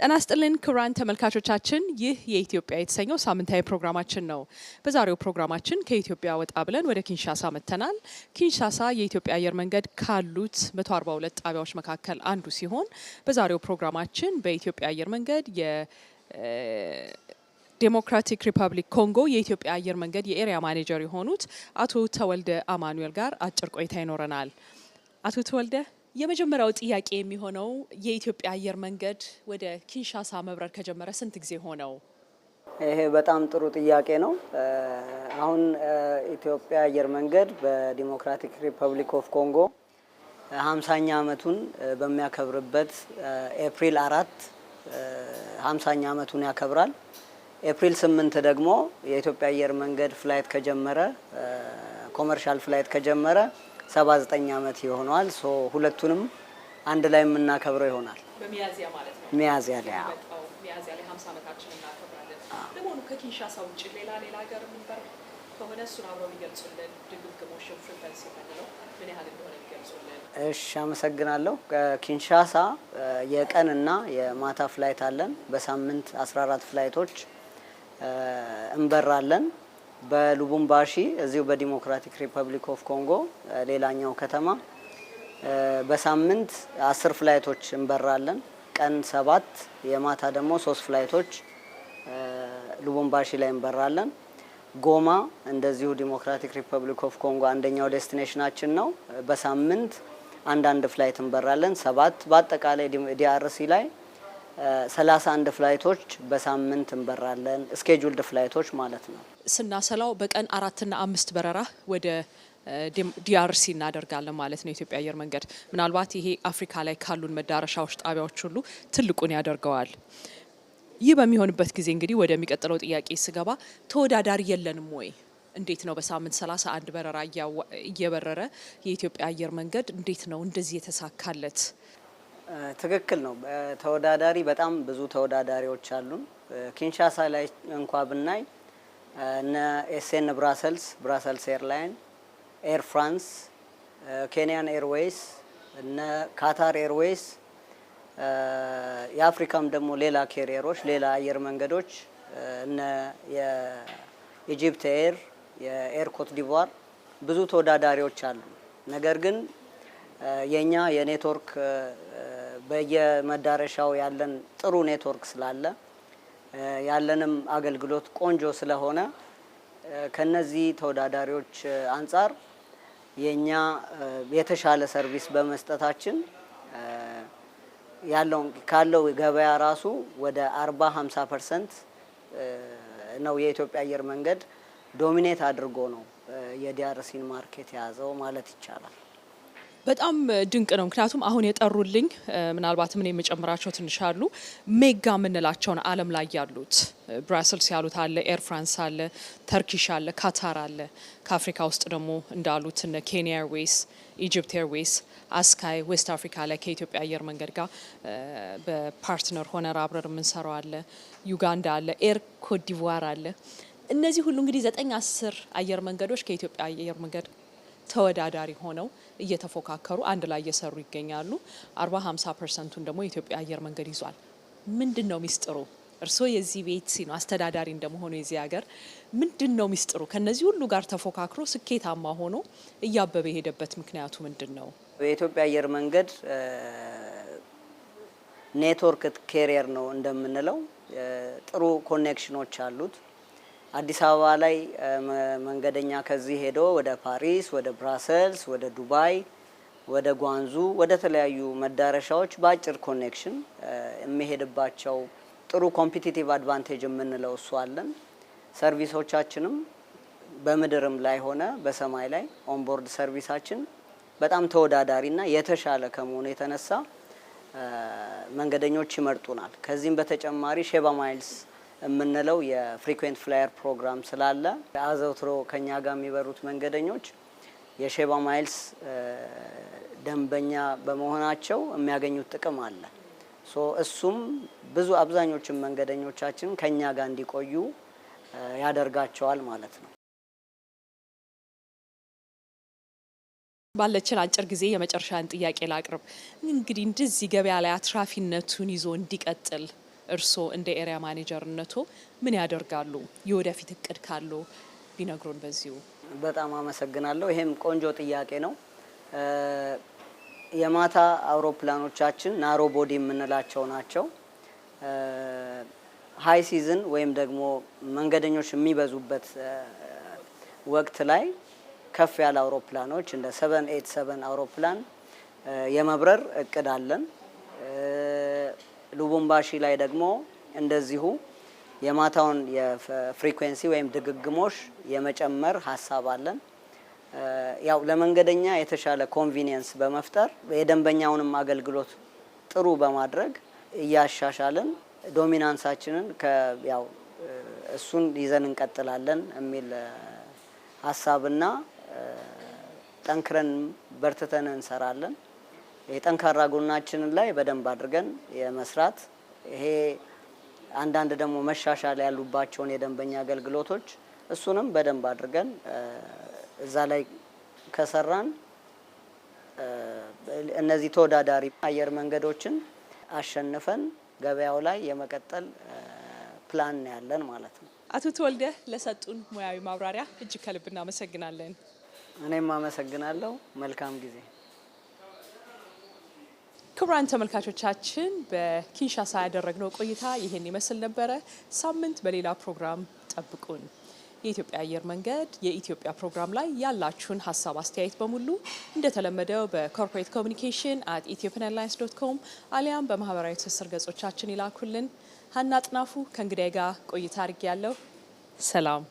ጤና ይስጥልን ክቡራን ተመልካቾቻችን፣ ይህ የኢትዮጵያ የተሰኘው ሳምንታዊ ፕሮግራማችን ነው። በዛሬው ፕሮግራማችን ከኢትዮጵያ ወጣ ብለን ወደ ኪንሻሳ መጥተናል። ኪንሻሳ የኢትዮጵያ አየር መንገድ ካሉት 142 ጣቢያዎች መካከል አንዱ ሲሆን በዛሬው ፕሮግራማችን በኢትዮጵያ አየር መንገድ የ ዴሞክራቲክ ሪፐብሊክ ኮንጎ የኢትዮጵያ አየር መንገድ የኤሪያ ማኔጀር የሆኑት አቶ ተወልደ አማኑኤል ጋር አጭር ቆይታ ይኖረናል። አቶ ተወልደ የመጀመሪያው ጥያቄ የሚሆነው የኢትዮጵያ አየር መንገድ ወደ ኪንሻሳ መብረር ከጀመረ ስንት ጊዜ ሆነው? ይሄ በጣም ጥሩ ጥያቄ ነው። አሁን ኢትዮጵያ አየር መንገድ በዲሞክራቲክ ሪፐብሊክ ኦፍ ኮንጎ ሀምሳኛ አመቱን በሚያከብርበት ኤፕሪል አራት ሀምሳኛ አመቱን ያከብራል። ኤፕሪል ስምንት ደግሞ የኢትዮጵያ አየር መንገድ ፍላይት ከጀመረ ኮመርሻል ፍላይት ከጀመረ 79 ዓመት ይሆነዋል። ሶ ሁለቱንም አንድ ላይ የምናከብረው ይሆናል። በሚያዚያ ማለት ነው። ሚያዚያ ላይ ሚያዚያ ላይ 50 አመታችን እናከብራለን። ለመሆኑ ከኪንሻሳ ውጭ ሌላ ሌላ ሀገር ምንበር ከሆነ እሱን አብረው ሊገልጹልን ድግግሞሽ ፍሪፈንስ የምንለው ምን ያህል እንደሆነ ሊገልጹልን። እሺ፣ አመሰግናለሁ። ከኪንሻሳ እና የማታ ፍላይት አለን። በሳምንት 14 ፍላይቶች እንበራለን። በሉቡምባሺ እዚሁ በዲሞክራቲክ ሪፐብሊክ ኦፍ ኮንጎ ሌላኛው ከተማ በሳምንት አስር ፍላይቶች እንበራለን። ቀን ሰባት የማታ ደግሞ ሶስት ፍላይቶች ሉቡምባሺ ላይ እንበራለን። ጎማ እንደዚሁ ዲሞክራቲክ ሪፐብሊክ ኦፍ ኮንጎ አንደኛው ዴስቲኔሽናችን ነው። በሳምንት አንዳንድ ፍላይት እንበራለን ሰባት በአጠቃላይ ዲአርሲ ላይ ሰላሳ አንድ ፍላይቶች በሳምንት እንበራለን። ስኬጁልድ ፍላይቶች ማለት ነው። ስናሰላው በቀን አራትና አምስት በረራ ወደ ዲአርሲ እናደርጋለን ማለት ነው። የኢትዮጵያ አየር መንገድ ምናልባት ይሄ አፍሪካ ላይ ካሉን መዳረሻዎች፣ ጣቢያዎች ሁሉ ትልቁን ያደርገዋል። ይህ በሚሆንበት ጊዜ እንግዲህ ወደሚቀጥለው ጥያቄ ስገባ ተወዳዳሪ የለንም ወይ? እንዴት ነው በሳምንት ሰላሳ አንድ በረራ እየበረረ የኢትዮጵያ አየር መንገድ እንዴት ነው እንደዚህ የተሳካለት? ትክክል ነው። ተወዳዳሪ በጣም ብዙ ተወዳዳሪዎች አሉን። ኪንሻሳ ላይ እንኳ ብናይ እነ ኤስኤን ብራሰልስ፣ ብራሰልስ ኤርላይን፣ ኤር ፍራንስ፣ ኬንያን ኤርዌይስ፣ እነ ካታር ኤርዌይስ የአፍሪካም ደግሞ ሌላ ኬሪየሮች ሌላ አየር መንገዶች እነ የኢጂፕት ኤር፣ የኤር ኮት ዲቯር ብዙ ተወዳዳሪዎች አሉ። ነገር ግን የኛ የኔትወርክ በየመዳረሻው ያለን ጥሩ ኔትወርክ ስላለ ያለንም አገልግሎት ቆንጆ ስለሆነ ከነዚህ ተወዳዳሪዎች አንጻር የኛ የተሻለ ሰርቪስ በመስጠታችን ያለው ካለው ገበያ ራሱ ወደ 40 50 ፐርሰንት ነው የኢትዮጵያ አየር መንገድ ዶሚኔት አድርጎ ነው የዲያርሲን ማርኬት የያዘው ማለት ይቻላል። በጣም ድንቅ ነው። ምክንያቱም አሁን የጠሩልኝ ምናልባትም እኔ የምጨምራቸው ትንሽ አሉ ሜጋ የምንላቸውን አለም ላይ ያሉት ብራስልስ ያሉት አለ፣ ኤር ፍራንስ አለ፣ ተርኪሽ አለ፣ ካታር አለ። ከአፍሪካ ውስጥ ደግሞ እንዳሉት እነ ኬንያ ኤርዌይስ፣ ኢጅፕት ኤርዌይስ፣ አስካይ ዌስት አፍሪካ አለ። ከኢትዮጵያ አየር መንገድ ጋር በፓርትነር ሆነን አብረን የምንሰራው አለ፣ ዩጋንዳ አለ፣ ኤር ኮትዲቯር አለ። እነዚህ ሁሉ እንግዲህ ዘጠኝ አስር አየር መንገዶች ከኢትዮጵያ አየር መንገድ ተወዳዳሪ ሆነው እየተፎካከሩ አንድ ላይ እየሰሩ ይገኛሉ። አርባ ሀምሳ ፐርሰንቱን ደግሞ የኢትዮጵያ አየር መንገድ ይዟል። ምንድን ነው ሚስጥሩ? እርስዎ የዚህ ቤት ነው አስተዳዳሪ እንደመሆኑ የዚህ ሀገር ምንድን ነው ሚስጥሩ? ከነዚህ ሁሉ ጋር ተፎካክሮ ስኬታማ ሆኖ እያበበ የሄደበት ምክንያቱ ምንድን ነው? የኢትዮጵያ አየር መንገድ ኔትወርክ ኬሪየር ነው እንደምንለው ጥሩ ኮኔክሽኖች አሉት። አዲስ አበባ ላይ መንገደኛ ከዚህ ሄዶ ወደ ፓሪስ፣ ወደ ብራሰልስ፣ ወደ ዱባይ፣ ወደ ጓንዙ፣ ወደ ተለያዩ መዳረሻዎች በአጭር ኮኔክሽን የሚሄድባቸው ጥሩ ኮምፒቲቲቭ አድቫንቴጅ የምንለው እሱ አለን። ሰርቪሶቻችንም በምድርም ላይ ሆነ በሰማይ ላይ ኦንቦርድ ሰርቪሳችን በጣም ተወዳዳሪና የተሻለ ከመሆኑ የተነሳ መንገደኞች ይመርጡናል። ከዚህም በተጨማሪ ሼባ ማይልስ የምንለው የፍሪኩዌንት ፍላየር ፕሮግራም ስላለ አዘውትሮ ከኛ ጋር የሚበሩት መንገደኞች የሼባ ማይልስ ደንበኛ በመሆናቸው የሚያገኙት ጥቅም አለ። እሱም ብዙ አብዛኞቹን መንገደኞቻችን ከኛ ጋር እንዲቆዩ ያደርጋቸዋል ማለት ነው። ባለችን አጭር ጊዜ የመጨረሻን ጥያቄ ላቅርብ። እንግዲህ እንደዚህ ገበያ ላይ አትራፊነቱን ይዞ እንዲቀጥል እርስዎ እንደ ኤሪያ ማኔጀርነቱ ምን ያደርጋሉ? የወደፊት እቅድ ካሉ ቢነግሩን በዚሁ። በጣም አመሰግናለሁ። ይሄም ቆንጆ ጥያቄ ነው። የማታ አውሮፕላኖቻችን ናሮ ቦዲ የምንላቸው ናቸው። ሀይ ሲዝን ወይም ደግሞ መንገደኞች የሚበዙበት ወቅት ላይ ከፍ ያለ አውሮፕላኖች እንደ ሰቨን ኤት ሰቨን አውሮፕላን የመብረር እቅድ አለን። ሉቡምባሺ ላይ ደግሞ እንደዚሁ የማታውን የፍሪኩዌንሲ ወይም ድግግሞሽ የመጨመር ሀሳብ አለን። ያው ለመንገደኛ የተሻለ ኮንቪኒየንስ በመፍጠር የደንበኛውንም አገልግሎት ጥሩ በማድረግ እያሻሻልን ዶሚናንሳችንን ያው እሱን ይዘን እንቀጥላለን የሚል ሀሳብና ጠንክረን በርትተን እንሰራለን። የጠንካራ ጎናችንን ላይ በደንብ አድርገን የመስራት ይሄ አንዳንድ ደግሞ መሻሻል ያሉባቸውን የደንበኛ አገልግሎቶች እሱንም በደንብ አድርገን እዛ ላይ ከሰራን እነዚህ ተወዳዳሪ አየር መንገዶችን አሸንፈን ገበያው ላይ የመቀጠል ፕላን ያለን ማለት ነው። አቶ ተወልደ ለሰጡን ሙያዊ ማብራሪያ እጅግ ከልብ እናመሰግናለን። እኔም አመሰግናለሁ። መልካም ጊዜ ክቡራን ተመልካቾቻችን በኪንሻሳ ያደረግነው ቆይታ ይህን ይመስል ነበረ። ሳምንት በሌላ ፕሮግራም ጠብቁን። የኢትዮጵያ አየር መንገድ የኢትዮጵያ ፕሮግራም ላይ ያላችሁን ሀሳብ፣ አስተያየት በሙሉ እንደተለመደው በኮርፖሬት ኮሚኒኬሽን አት ኢትዮጵያን ኤርላይንስ ዶት ኮም አሊያም በማህበራዊ ትስስር ገጾቻችን ይላኩልን። ሀና አጥናፉ ከእንግዳይ ጋር ቆይታ አድርጌ ያለው ሰላም